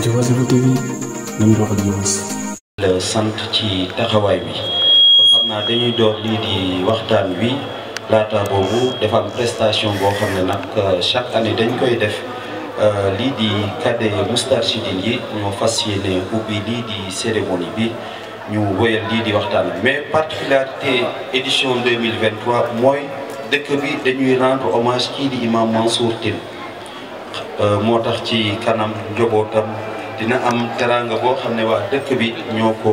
Diobass Info TV lan nga wax ak Diobass. ci taxaway bi kon xam dañuy door li di waxtan wi laata bobu dafa am prestation bo xam nak euh, chaque année dañ koy def euh, li di cadre Moustarchidine yi ñu fas yéene ubbi lii di cérémonie bi. ñu woyal lii di waxtan mais particularité édition 2023 moy dëkk bi dañuy rendre hommage kii di imam Mansour Tine Euh, moo tax ci kanam njobootam dina am teraanga boo xam ne wax dëkk bi ñoo ko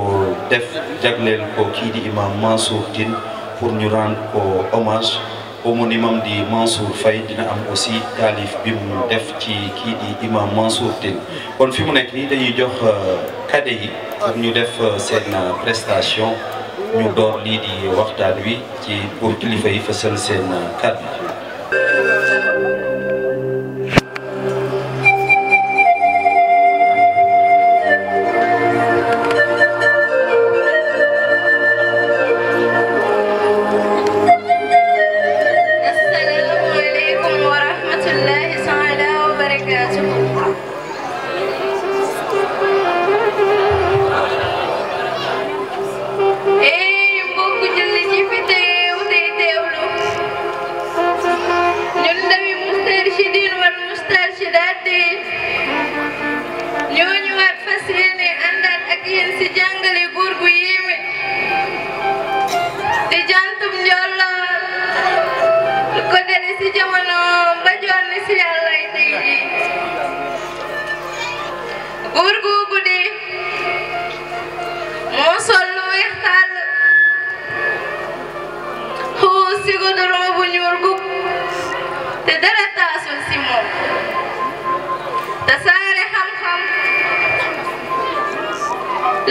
def jagleel ko kii di imam Mansour Tine pour ñu rendre ko hommage homonymam di Mansour Faye dina am aussi taalif bi mu def ci kii di imam Mansour Tine kon fi mu nekk nii dañuy jox kade euh, yi pour ñu def euh, seen prestation ñu door lii di waxtaan wi ci pour kilifa yi fësal seen kàddu si jamono bajuan si yàlla tey jii góor googu de moo sol lu weex eh, tàll si goudron bu ñuul te dara taasul simo tasare eh, te saare xam-xam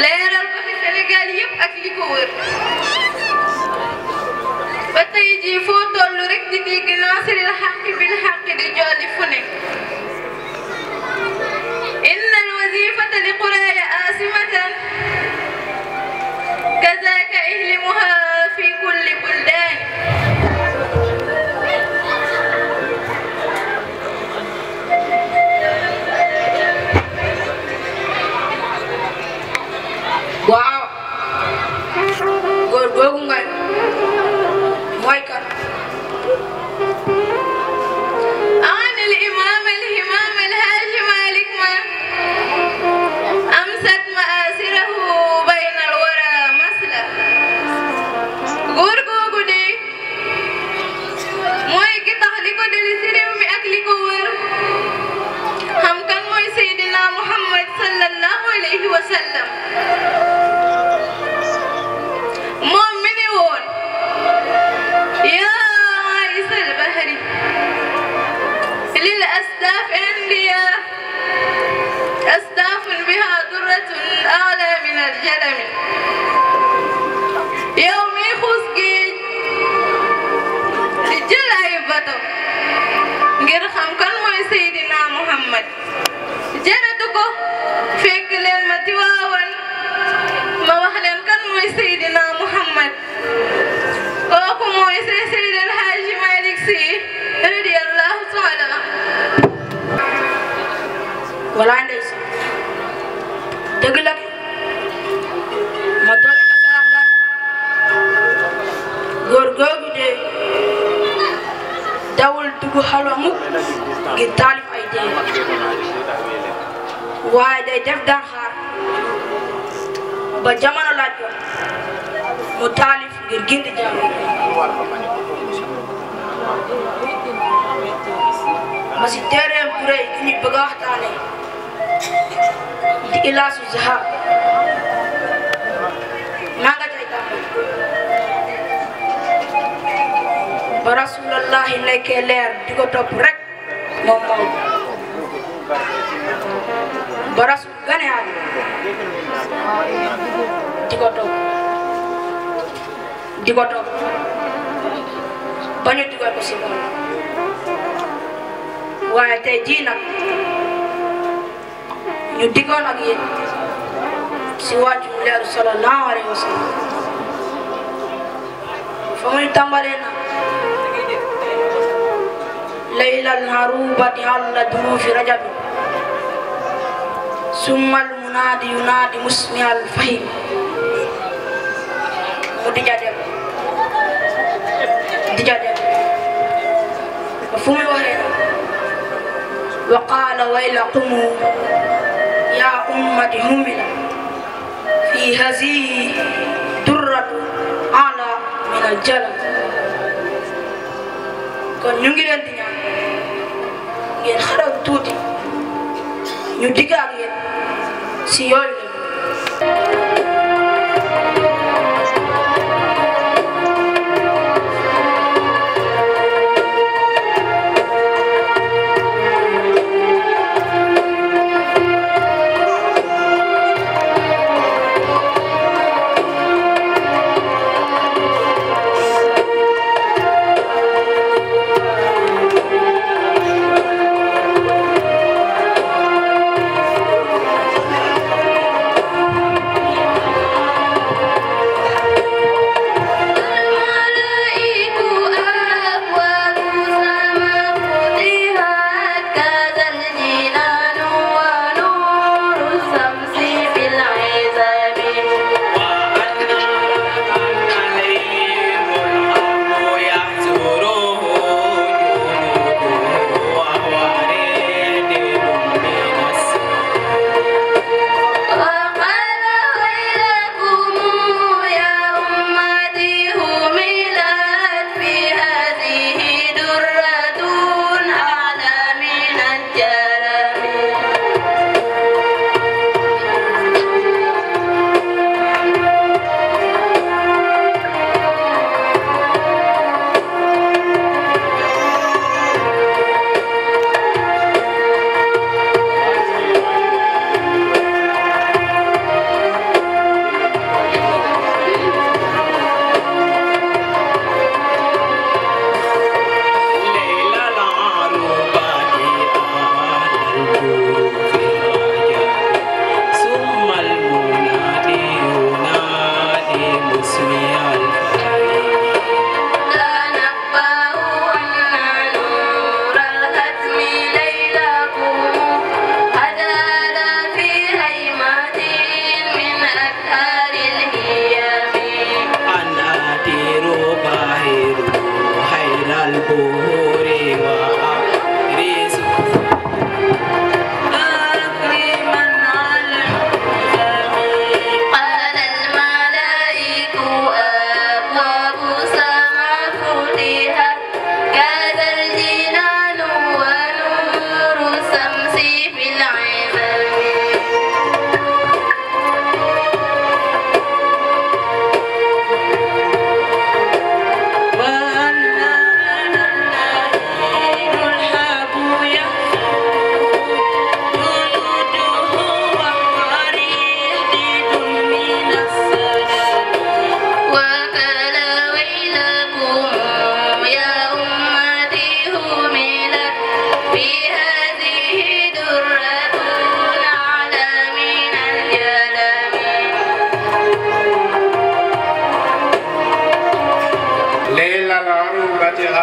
leeral ko fi Sénégal yëpp ak li ba tey jii foo toll rek di dégg naasiril xaq bil xaq di jolli fu nekk إن الوظيفة لقرايا آسمة كذاك إهلمها في كل بگاه تانه إلا سوزها مانگا چاہتا ہوں رسول اللہ نے کے لیر دیگو تو برک مومو برسول گنے آدھو دیگو تو digotok banyak juga aku sih waaye tey jii nag ñu diggoon ak yéen si wàccu leeru sallallahu alayhi wa sallam fa muy tàmbalee na laylan harubati halla duruufi rajabi summa al munaadi yunaadi musmi al fahim mu dija dem dija dem fu muy وقال ويلكم يا أمة مؤمنة في هذه درة أعلى من الجنة كن يجري الدنيا ينحرق توتي يدقق سيولي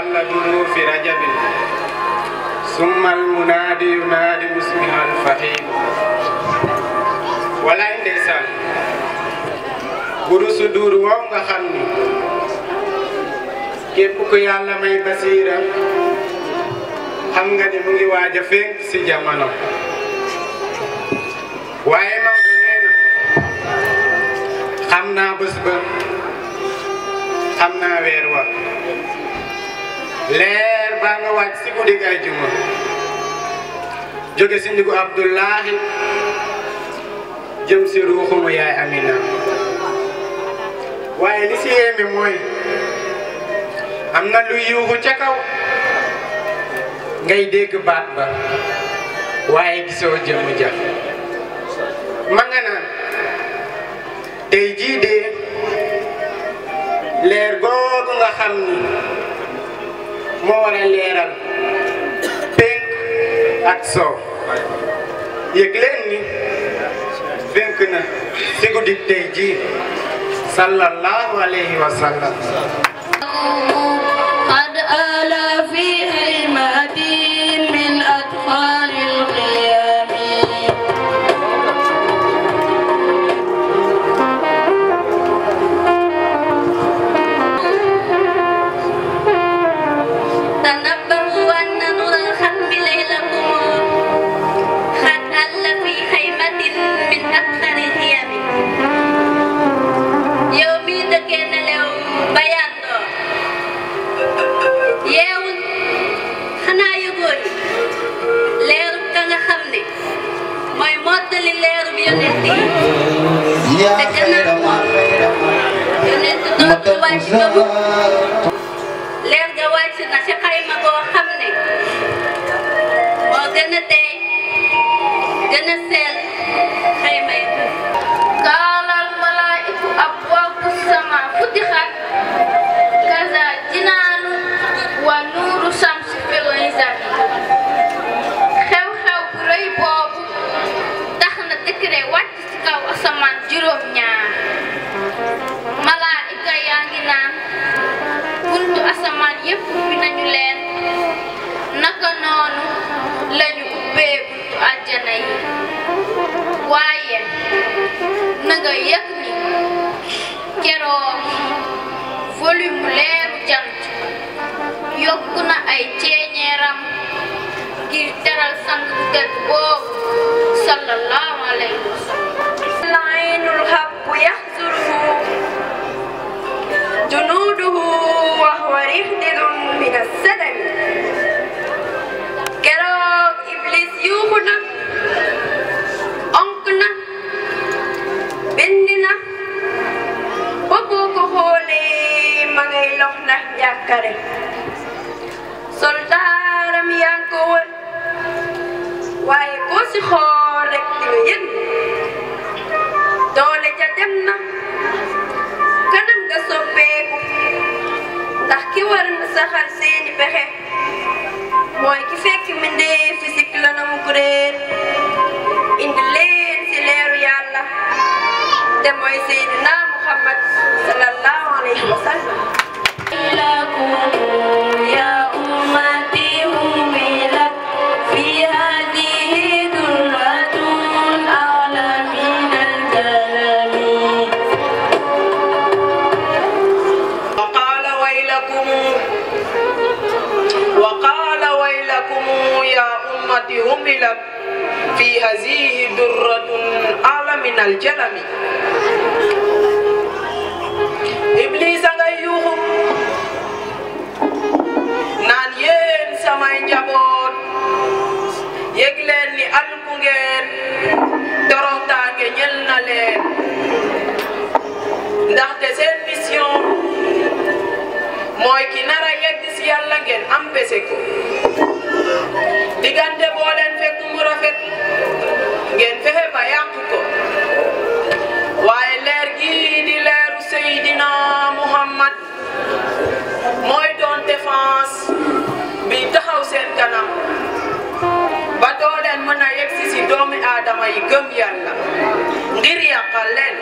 الله dulu في رجب ثم المنادي ينادي باسمها الفحيم wala ndeysaan bu du su duur woow nga xam ni si jamono leer baa nga wàcc si guddi gi ay juma jóge si Abdullahi jëm si ruuxuma yaay Amina waaye li si yéeme mooy am na luy yuuxu ca kaw ngay dégg baat ba waaye gisoo jëmm ja ma nga naan tey jii de leer googu nga xam moo war a leeral penk ak sow yëg leen ni penk na si guddi tey jii sallallahu alayhi wa sallam qad ala fi bi te gën a yonent doon bi wàcc na mu leer ga wàcc na ci xayma boo xam ne moo gën a dee gën a seel xayma yi. kaalal malaaiku abwaabu sama futixat teral sang bu tedd boobu sallallahu alayhi wa sallam laynul habbu yahzuruhu junuduhu wa huwa rihdidun min as-sadami keroog iblis yuuxu na onk na bind na nah boo ko waaye koo si xool rek di nga yëg doole ja dem na kanam nga soppeeku ndax ki war na saxal si ngeen empêché ko diggante boo leen mu rafet ngeen fexe ba yàq ko waaye leer gii di leeru Seydina Muhammad mooy doon défense bi taxaw seen kanam ba doo leen mën a si doomi aadama yi gëm yàlla ngir yàqal leen.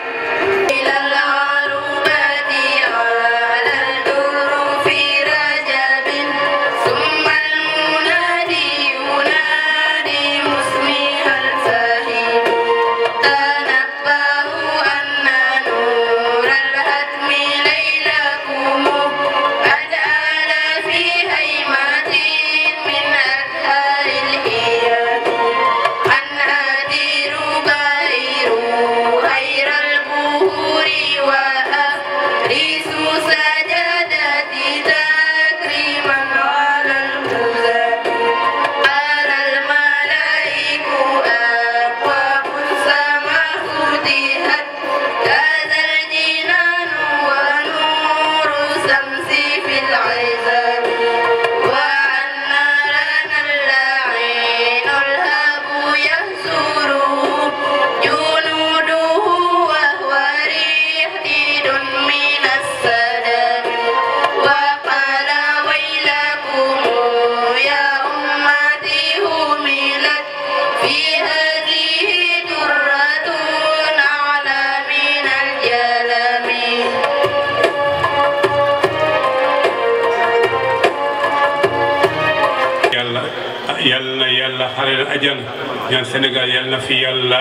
xare la ajjana ñaan Sénégal yalla na fi yàlla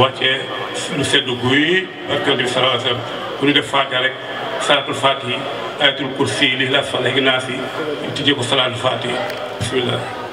wàcce lu sedd guy barka bi salatu sallam ku ñu def faatiha rek salatu faatihi ayatul kursi lillahi falax naas yi tijjee ko salaatul bismillah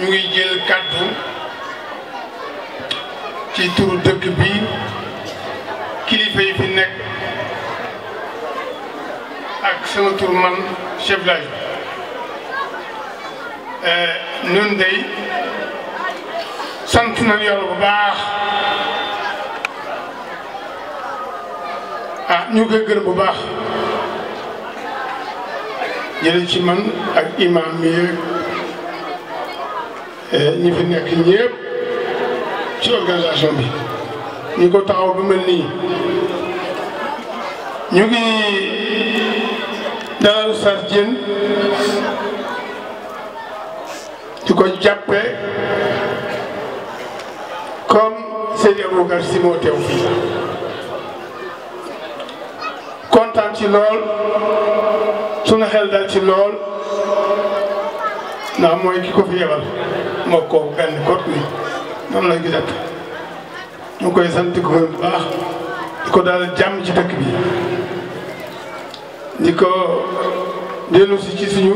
ñu ngi jël kàddu ci turu dëkk bi kilifa yi fi nekk ak sama tur man chef lay nun sant nañu yàlla bu baax ah ñu koy gërëm bu baax jële ci man ak imam mi Eh, ñi fi nekk ñëpp ci organisation bi ñi ko taxaw bu mel nii ñu ngi dalal Oustaz Diène di ko jàppe comme Seydi Aboubacar Sy moo teew fii kontaan ci lool sunu xel dal ci lool ndax mooy ki ko fi yebal mbokkoo benn kot bi noonu la gisat ñu ngi koy sant ko bu baax di ko daal jàmm ci dëkk bi di ko dellu si ci suñu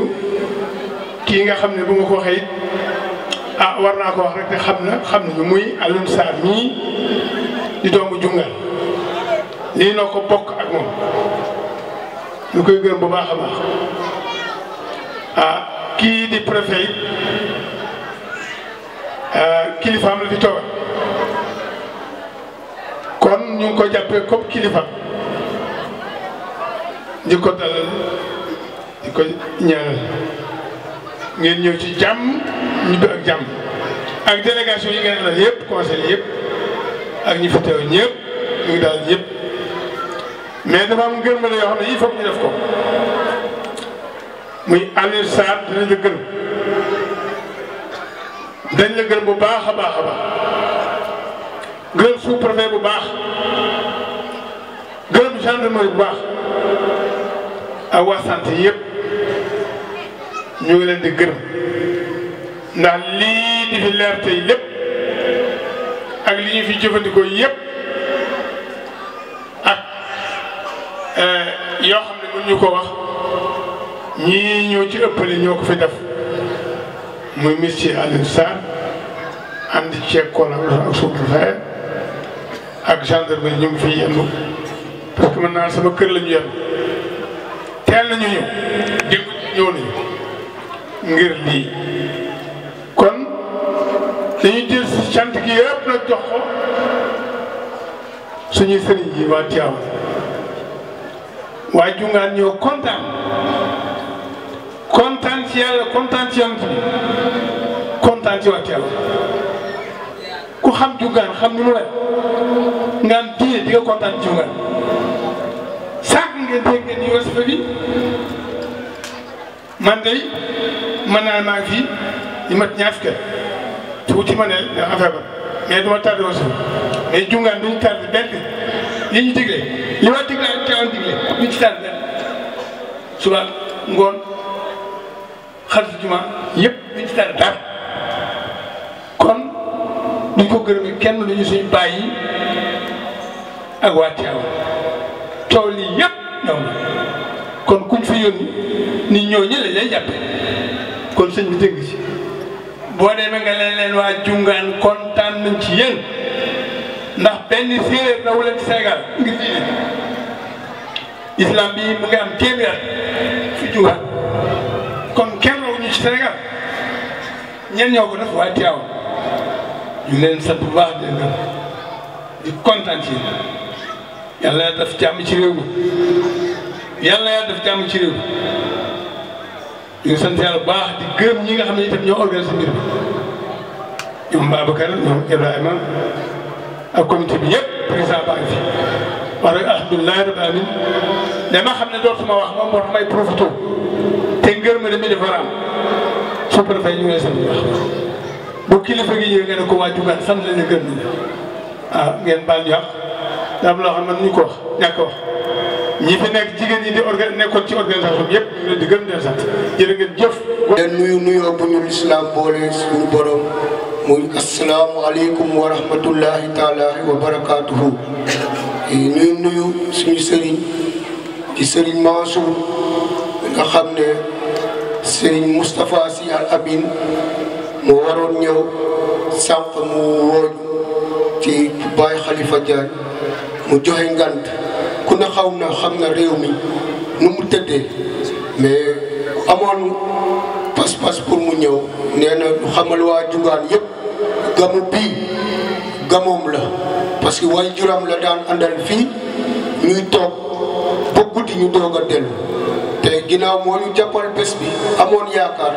kii nga xam ne bu ma ko waxee it ah war naa ko wax rek te xam na xam ñu muy Alioune Sarr mii di doomu jungal lii noo ko bokk ak moom ñu koy gërëm bu baax a baax ah kii di préfet kilifaam la fi toogal kon ñu ngi ko jàppee comme kilifaam di ko dalal di ngeen ñëw ci jàmm ñibbi ak jàmm ak délégation yi ngeen dal yëpp conseil yëpp ak ñi fi teew ñëpp ñu ngi daal yëpp mais dafa am ngërëm la yoo xam ne il faut ñu muy Alioune Sarr dinañu gërëm. dañ la gërëm bu baax a baax a baax gërëm sous bu baax gërëm gendarmerie bu baax ak waa sant yëpp ñu ngi leen di gërëm ndax lii di fi leer tey lépp ak li ñu fi jëfandikoo yëpp ak eh, yoo xam ne mën ñu ko wax ñii ñoo ci ëppale ñoo ko fi def. muy monsieur Alioune Sarr ànd ceeg collaboration ak suuf ak gendarme ñu ngi fiy yendu parce que mën naa sama kër la ñu yendu teel nañu ñëw démb ñëw nañu ngir lii kon dañuy jël si cant gi yëpp nag jox ko suñuy sëriñ yi waa Tivaouane waa Jungaan ñoo kontaan. kontaan ci yàlla kontaan ci yonent bi kontaan ci wàcc yàlla ku xam jugaan xam ni mu rek ngaan di nga kontaan ci ngeen dégg ni wasifa bi man day mën naa maa fi yi mat ñaar fukki tuuti ma ne ndax affaire ba mais duma tardé wasifa mais jungaan duñu tardé benn li ñu digle li ma digle ak teewoon digle duñu ci tardé suba ngoon xalis juma yëpp ñu ci tar kon duñ ko gërëmee kenn lu ñu suñu bàyyi ak waa Tiwaawan coow lii yëpp ñëw na kon kuñ fi yónni nit ñoo ñële lay jàppe kon sëñ bi dégg si boo demee nga leen leen waa jungaan kontaan nañ ci yéen ndax benn séeréer daw leen Sénégal ngir diine islam bi mu ngi am téeméer fi jungaan kon kenn Sénégal ñen ñoo ko def waaye teew ñu leen sant bu baax di di kontaan ci yàlla daf def jàmm ci réew mi yàlla na def jàmm ci réew mi ñu ngi sant yàlla bu baax di gërëm ñi nga xam ne itam ñoo organisé mbir bi ñoom Babacar ñoom Ibrahima ak comité bi yëpp président baa ngi fi wax dëgg alhamdulilah rabbil alamin dama xam ne dootuma wax moom moo tax may profité te ngërmande mi dafa raam su préfet ñu ngi lay sant kilifa gi ñëwee nga ko waa Diouga sant nañu gërëm nañu waaw ah, ngeen baal ñu wax daal loo xam ne ko wax ñàkk wax. ñi nekk jigéen ñi di orga nekkoon ci organisation bi yëpp ñu leen di gën di sant jërë jëf. leen nuyu nuyoo bu ñu lislaam boole suñu borom muy asalaamualeykum wa rahmatullahi taala wa barakaatuhu. nuyu nuyu suñu sëriñ ci sëriñ nga xam ne. si Moustapha Sy Al Amin mu waroon ñëw sànq mu wooñ ci Baye Khalifa Diagne mu joxe ngant ku ne xaw na xam na réew mi nu mu tëddee mais amoon pas-pas pour mu ñëw nee na xamal waa Jungaan yëpp gamu bii gamoom la parce que waaye juram la daan àndal fii ñuy toog ba guddi ñu doog dellu te ginnaaw moo ñu jàppal bés bi amoon yaakaar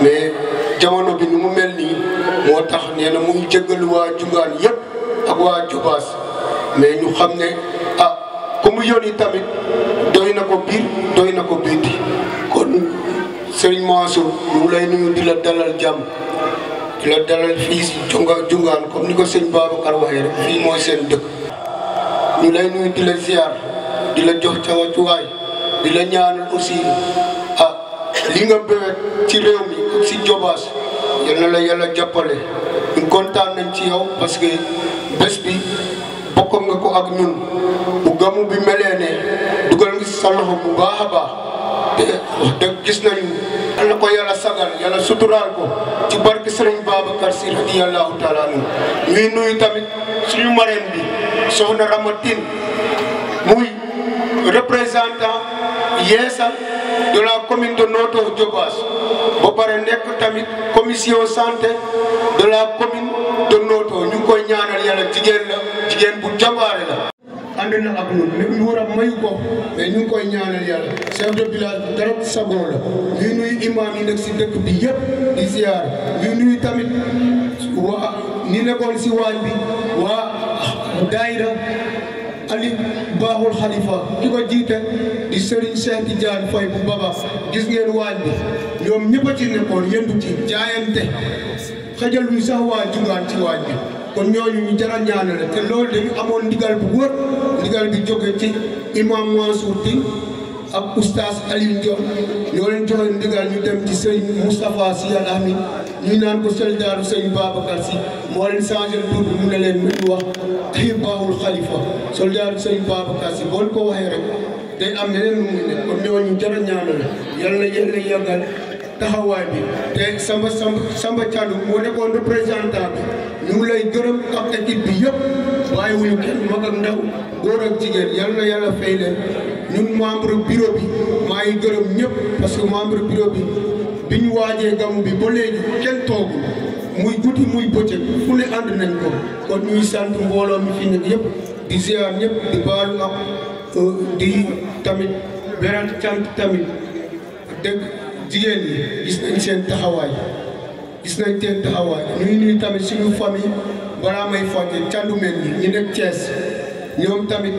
mais jamono bi nu mu mel nii moo tax nee na mu jëggal waa jungaan yëpp ak waa jubaas mais ñu xam ne ah ku mu yónni tamit doy na ko biir doy na ko biiti kon sëriñ Mansour ñu lay nuyu di la dalal jàmm di la dalal fii si junga jungaan comme ni ko sëñ Babacar waxee rek fii mooy seen dëkk ñu lay nuyu di la ziar di la jox ca wàccuwaay di la ñaanal aussi ah li nga ci réew mi si jobaas yal na la yàlla jàppale nañ ci yow parce que bés bi ko ak ñun bu gamu bi melee dugal ngi sa loxo bu baax a baax te gis nañu yal na ko yàlla sagal yàlla suturaal ci barke Sëriñ nuyu tamit suñu marraine bi soxna muy représentant yeesal de la commune de Notto Diobass ba pare nekk tamit commission santé de la commune de Notto ñu koy ñaanal yàlla jigéen la jigéen bu jambaare la ànd na ak ñun li war a mayu ko mais ñu koy ñaanal yàlla chef de village bi dara la ñuy nuyu imam yi nekk si dëkk bi yëpp di ziar ñuy nuyu tamit waa ñi nekkoon si waañ bi waa daayira ali baaxul xalifa ki ko jiite di Serigne Cheikh Tidiane Faye bu baba gis ngeen waañ bi ñoom ñëpp a ci nekkoon yëndu ci jaayante xajal ñu sax waa jugaan ci waañ bi kon ñooñu ñu jara ñaanale te loolu dañu amoon ndigal bu wër ndigal bi jóge ci imam Mansour Tine ak oustaz Alioune Diop ñoo leen joxoon ndigal ñu dem ci sëñ Moustapha Sy Al Amin ñu naan ko sëñ Daaru sëñ Babacar Sy moo leen changé tur bi mu ne leen ñu wax Hibaahul Khalifa soldaaru sëñ Babacar Sy boo ko waxee rek day am leneen lu muy ne kon ñooñu jar a ñaanal yal na yal taxawaay bi te Samba Samba Samba Thiadou moo nekkoon représentant bi ñu ngi lay gërëm ak équipe bi yëpp bàyyiwuñu kenn mag ak ndaw góor ak jigéen yal na yàlla fay ñun membre bureau bi maa ngi gërëm ñëpp parce que membre bureau bi bi ñu waajee gamu bi ba léegi kenn toogul muy guddi muy bëccëg fu ne ànd nañ ko kon ñuy sant mbooloo mi fi nekk yëpp di ziar ñëpp di baalu ak euh, di tamit beneen cant tamit dëgg jigéen ñi gis nañ seen taxawaay gis nañ taxawaay ñuy nuyu tamit suñu famille balaa may fàtte candu mel ni ñu nekk ñoom tamit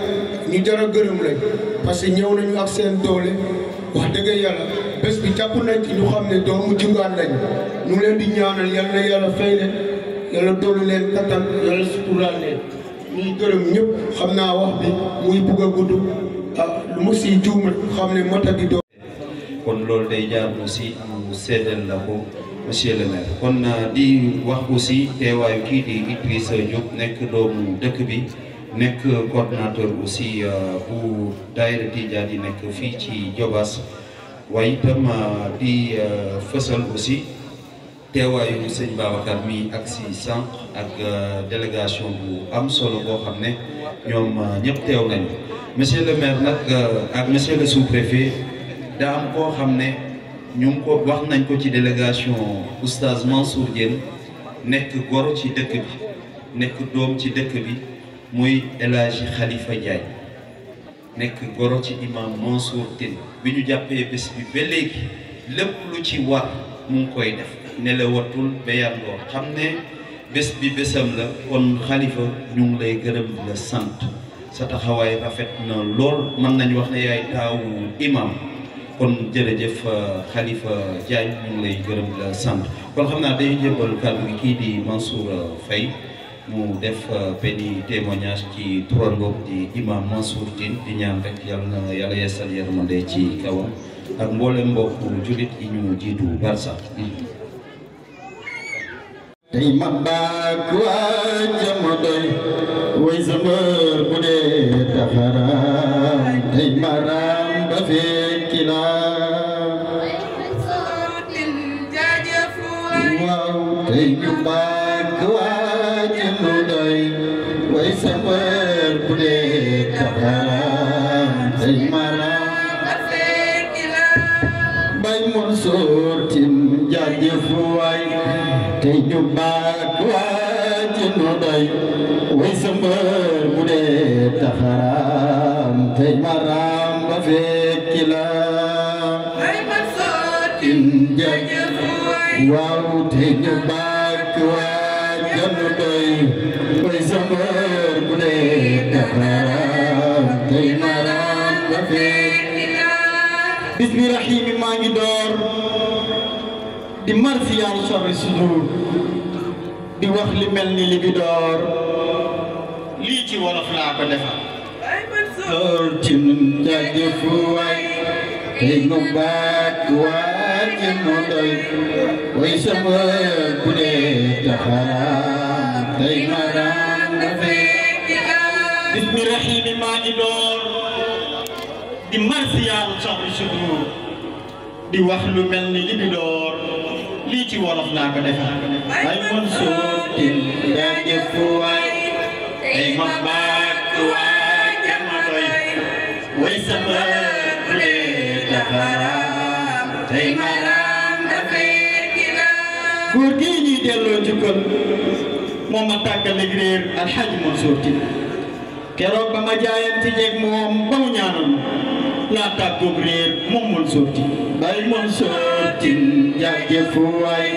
ñu jar gërëm lañ parce que ñëw nañu ak seen doole wax dëgg yàlla bés bi jàpp nañ ci ñu xam ne doomu jungaan lañ ñu leen di ñaanal yal na yàlla fay leen yàlla dolli leen kattan yàlla suturaal leen ñuy gërëm ñëpp xam naa wax bi muy bugg a gudd ah lu mu siy juumal xam ne mata gi doole kon loolu day jaar aussi am seedeel la ko monsieur le maire kon ah, di wax aussi teewaayu kii di Idrissa Diop nekk doomu dëkk bi nek coordinateur aussi pour euh, daire Tijaan yi nekk fii ci Diobass waaye itam euh, di euh, fësal aussi teewaayu seigne Babacar mi ak ci sànq ak délégation bu am solo bo xam ñom ñep teew monsieur le maire nak ak monsieur le sous-préfet da am ko xam ne ko wax nañ ko ci délégation oustaz Mansour Diène nek gor ci dëkk bi nek dom ci dëkk bi muy El Hadji Khalifa Diagne nekk goro ci imam Mansour Tine bi ñu jàppee bés bi ba léegi lépp lu ci war mu ngi koy def nelawatul ba yàndoo xam ne bés bi bésam la kon Khalifa ñu lay gërëm la sant sa taxawaay rafet na lool mën nañu wax ne yaay taawu imam kon jërëjëf xalifa euh, Diagne ñu ngi lay gërëm la sant kon xam naa day jëbal kàddu gi kii di Mansour euh, Faye mu def euh, benn témoignage ci turam boobu di imam Mansour Tine di ñaan rek yàlla na yàlla yeesal yërmande ci kawam ak mboolem mbokku jullit yi ñu jiitu barsa tey jama doy way sa mbër dee taxara baat waa ci nu doy way sa mbër bu dee taxaram tey maram ba fekki la ay ma sootin jëjëf waaw tey ñu baat waa ca nu doy way sa mbër bu dee taxaram tey maram ba fekki la bismi rahimi maa ngi door di marsi yàlla sori sudur wax li mel ni li bi door lii ci wolof laa ko defal lool ci nun jaajëf waay tey nu baat waa ci nu doy way sama ku dee jaxaraam tey maraam na fekk bismi rahimi maa ngi door di marsiyaalu soxli sudur di wax lu mel ni li bi door lii ci wolof laa ko defal ay Mansour góor gi ñuy delloo jukkal moom ma tàggaleeg réer alxaaji Mansour Tine keroog ba ma jaayante jeeg moom ba mu ñaanal laa tàggoog réer moom Mansour Tine bay Mansour Tine jaajëf waay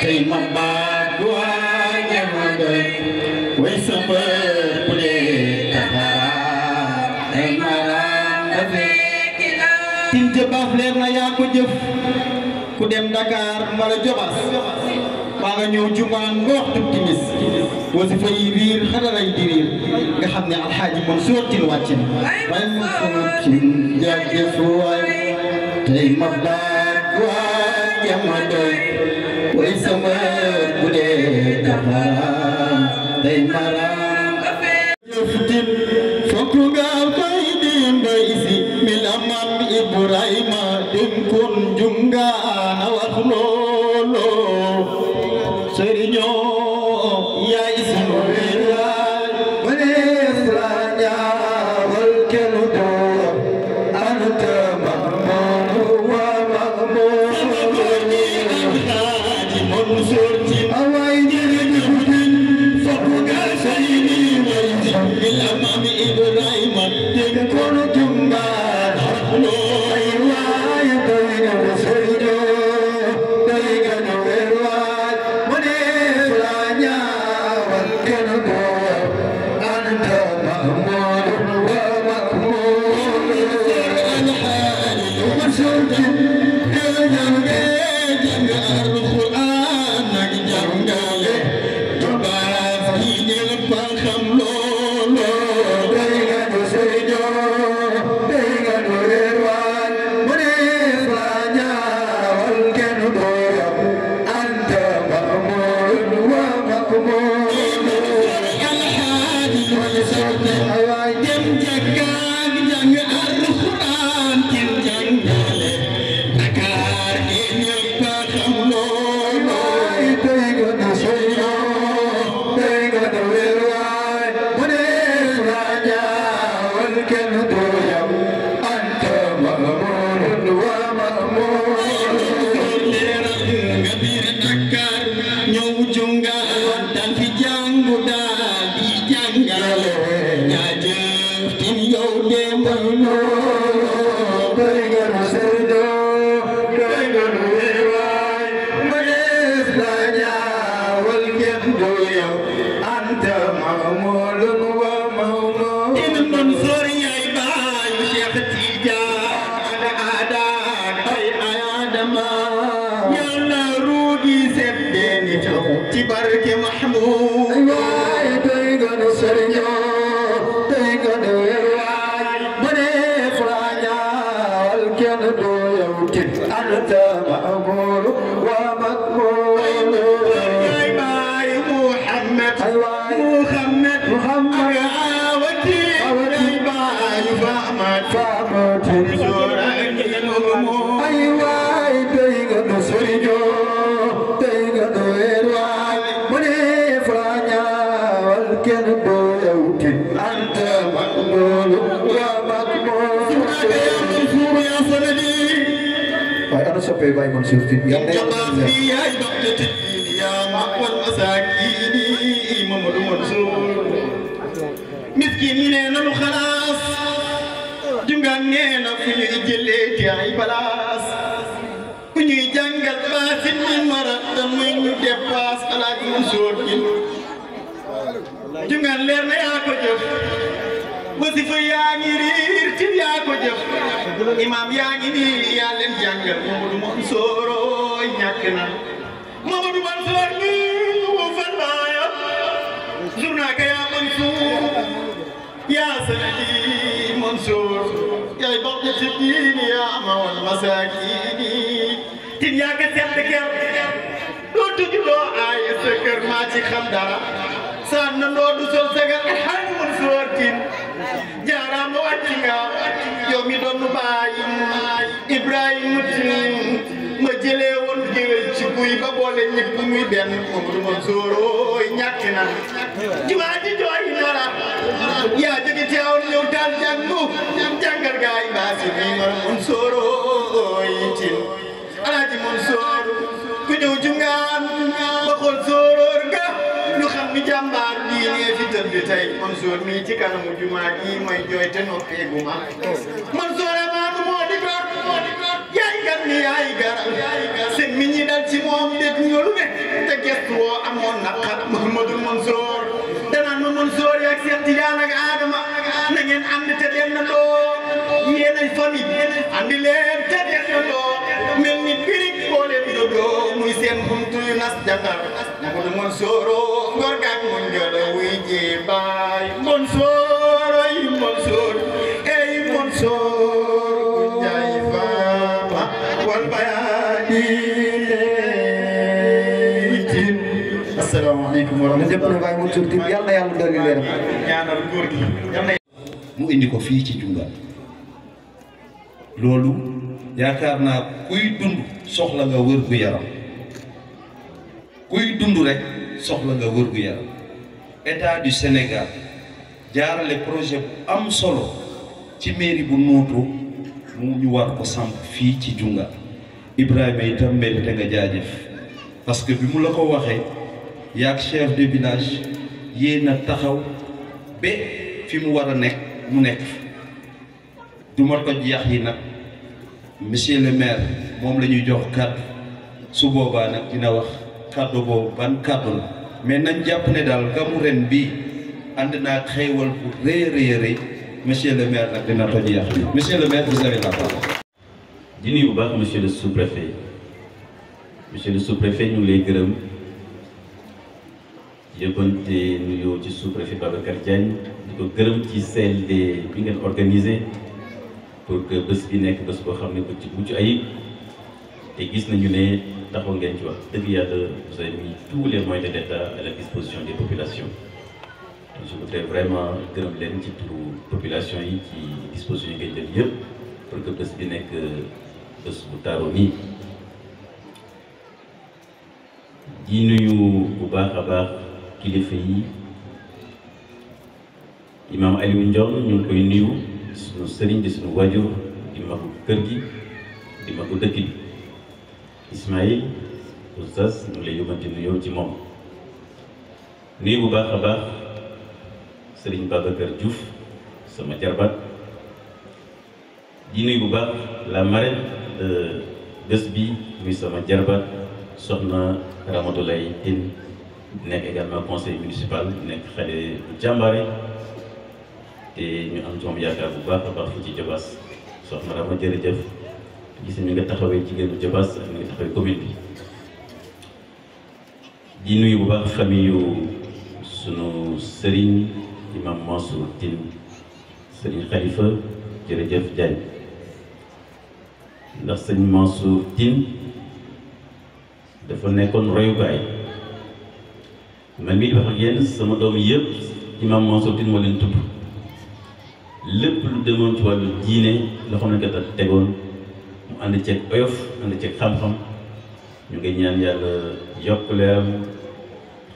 tey ma baa tin jëbaaf leer na yaa ko jëf ku dem Dakar wala Jobaas maa nga ñëw jumaan nga waxtu timis wasifa yi riir xaralay di riir nga xam ne alxaaji Mansour Tine wàcc na waaye Mansour Tine jaajëf waay tey ma baat waa jama doy way sama Ibrahima dem kon junga na waxloo مقبول ومقبول محمد محمد محمد عاوتي فاهمت فاهمت soppee Baye Mansour fi yàlla day am ci yaay docte ci ya makwal masakini Mamadou Mansour miskin yi nee nanu xalaas jungaan nee na fu ñuy jëlee ci ay balaas ku ñuy jàngal baasin min marata muy ñu dépasse alaaj mu sóot jungaan leer na yaa ko jëf wasifa yaa ngi riir yaa ko jëf imaam yaa ngi yaa leen jàngal Mamadou Mansour ñàkk na Mamadou Mansour mi mu fan baayam journal ka yaa yaa sanadi ci diin yaa amawal masaakini tin yaa ka sedd ker doo tuju loo aay kër maa ci xam saan na ndoo du sol sagar alxaaj Mansour tin jaaraama wàcci nga yow mi doon baay Ibrahima ma jëlee woon ci guy ba boole ñëpp muy benn Omar Mansour ñàkk na jumaa ji jooy nora yaa jóge ci aw ñëw daal jàngu jàngal gaay baas yi Omar Mansour tin alaaji Mansour ku ñëw jungaan ba xool sóoróor ga ñëpp ñu xam ni jàmbaar bii nee fi tëdd tey Mansour mii ci kanamu jumaa ji may jooy te noppee gu ma Mansour amaanu moo di góor moo di góor yaay gar ni yaay gar seen mi ñi dal ci moom dégg nga lu ne te gerte woo amoon naqar Mouhamadou Mansour danaan ma Mansour yaag Seex Tijaan ak Adama na ngeen ànd te dem na loo yéen ay famille andi leen te dem na loo seen mu indi ko fii ci jungal loolu yaakaar naa kuy dund soxla nga wér gu yaram dund rek soxla nga wërgu yaram état du Sénégal jaarale projet bu am solo ci mairie bu Notto mu ñu war ko samp fii ci Junga Ibrahima itam mérite nga jaajëf parce que bi mu la ko waxee yaag chef de village yéen a taxaw ba fi mu war a nekk mu nekk du ma toj yax yi nag monsieur le maire moom la ñuy jox kàddu su boobaa nag dina wax kàddu boobu ban kàddu mais nañ jàpp ne daal gamu bi bii ànd naa xéewal bu rëy rëy monsieur le maire nag dina toj yàq bi monsieur le maire vous bu baax monsieur le sous-préfet monsieur le sous gërëm yëppante nuyoo ci sous-préfet Babacar Diagne di ko gërëm ci CLD bi ngeen organisé pour que bés bi nekk bés boo xam ne bu ci mucc ayib te gis nañu ne. taxaw ngeen ci wax dëgg yàlla vous avez mis tous les moyens de l'État à la disposition des populations je voudrais vraiment gërëm leen ci turu population yi ci disposition yi ngeen jël yëpp pour que bés bi nekk bés bu taaroo nii di nuyu bu baax a baax kilifa yi imaam Aliou Ndione ñu ngi koy nuyu sunu sëriñ di sunu di magu kër gi di magu dëkk bi Ismaïl oustaz nous Nous lay ci Nous, nous bu baax baax Babacar Diouf sama Nous di la marraine de bés bi muy sama Nous est également conseil municipal nous est bu jàmbaare nous nous am ci nous nous baax baax gis ñu nga taxawé ci Jobaas jabas ni comédie. bi di nuyu bu baax famille sunu Serigne Imam Mansour Tine Khalifa jërëjëf ndax serigne Mansour Tine dafa nekkoon gaay man mii wax ak sama doom yëpp Imam Mansour tin moo leen lu ci diine mu ànd ceeg oyof ànd ceeg xam-xam ñu ngi ñaan yàlla yokk leeram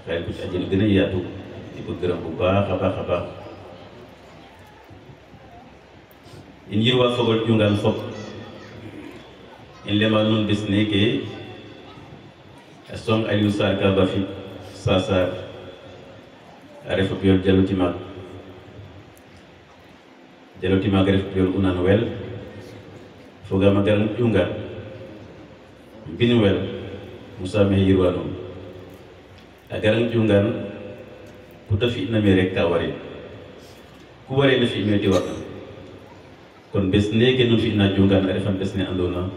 xayal ko ci gën a yaatu di ko gërëm bu baax a baax a baax in yirwa fogol ƴungal fof en lema noon besneke a song aliou sar ka bafi sasar a refa ɓiyol jalotimaak jalotimaak ref ɓiyol unan wel fogaamagal ƴunga binuwel musa me yirwanum a garan ƴungan kuta fi'name rek ka warin ku warena fi'me diwarna kon bes neke nu fi'na ƴungan a refan bes ne andoona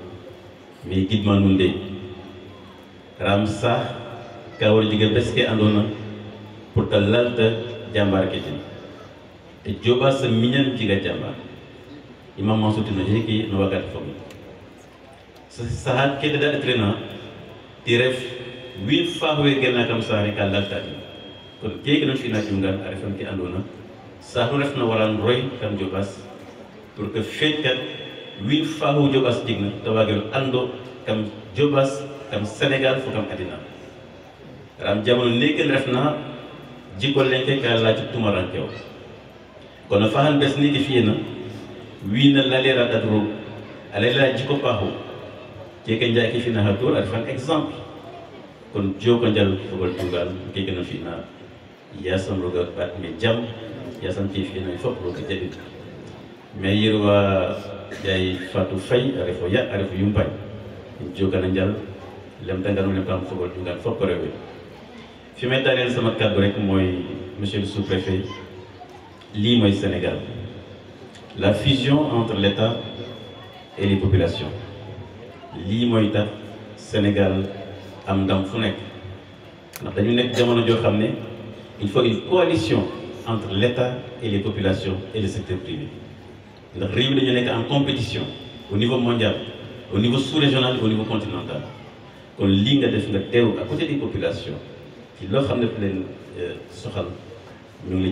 me gidma nuun de ram saax ka war jega bes ke andoona pour ta lalta ke ten te jooɓa sa miñan jega jambar imam sutinojiki no waagati fomi saha kededa atrena ti ref wiin faaxwe gena kam saare ka lalta in kon keke no fi'na cungan a refan ke andoona saax nu refna waran roy kam jobaas pour que feetkat wiin faaxu jobaas jegna te waagiro ando kam jobaas kam sénégal fo kam adina ram jamono neke refna jikko lenke ka laacu tumarankewo kono faxan bes neke fi'ena wiina lalera ɗatoro a lalera jikko ɓaako keke jaaki fina ha dow aɗa fan exemple kono joko jal fogol dugal keke no fina yasam roga batme jam yasam ke fina fof roga jaɓi mais yirwa ƴay fatou faye a refo yaɗ a refo yumpañ en jogana jal lemtangal o lemtam fogol dugal fof ko rewe fi may darel sama kaddu rek mooy monsieur le sous lii mooy sénégal la fusion entre l'État et les populations L'Imoïta, Sénégal am Founek. il faut une coalition entre l'État et les populations et le secteur privé Nous sommes en compétition au niveau mondial au niveau sous-régional au niveau continental Qu'on ligne nga def à côté des populations qui leur xam ne fu euh, soxal ñu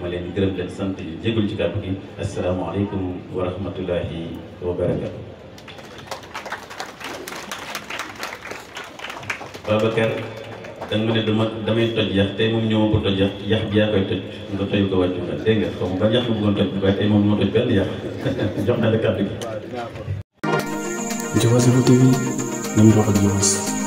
ma leen gërëm leen sant di jégalu ci kàddu gi asalaamaaleykum wa rahmatullahi wa barakaatu. Babacar da nga ma damay toj yax tey moom ñëw ma ko toj yax yax bi yaa koy toj nga toj ko wàccu nga dégg nga xaw ma yax bu bëggoon toj waaye tey moom moo toj benn yax jox na la kàddu gi. Ndiobassi TV nañu doxal Ndiobassi.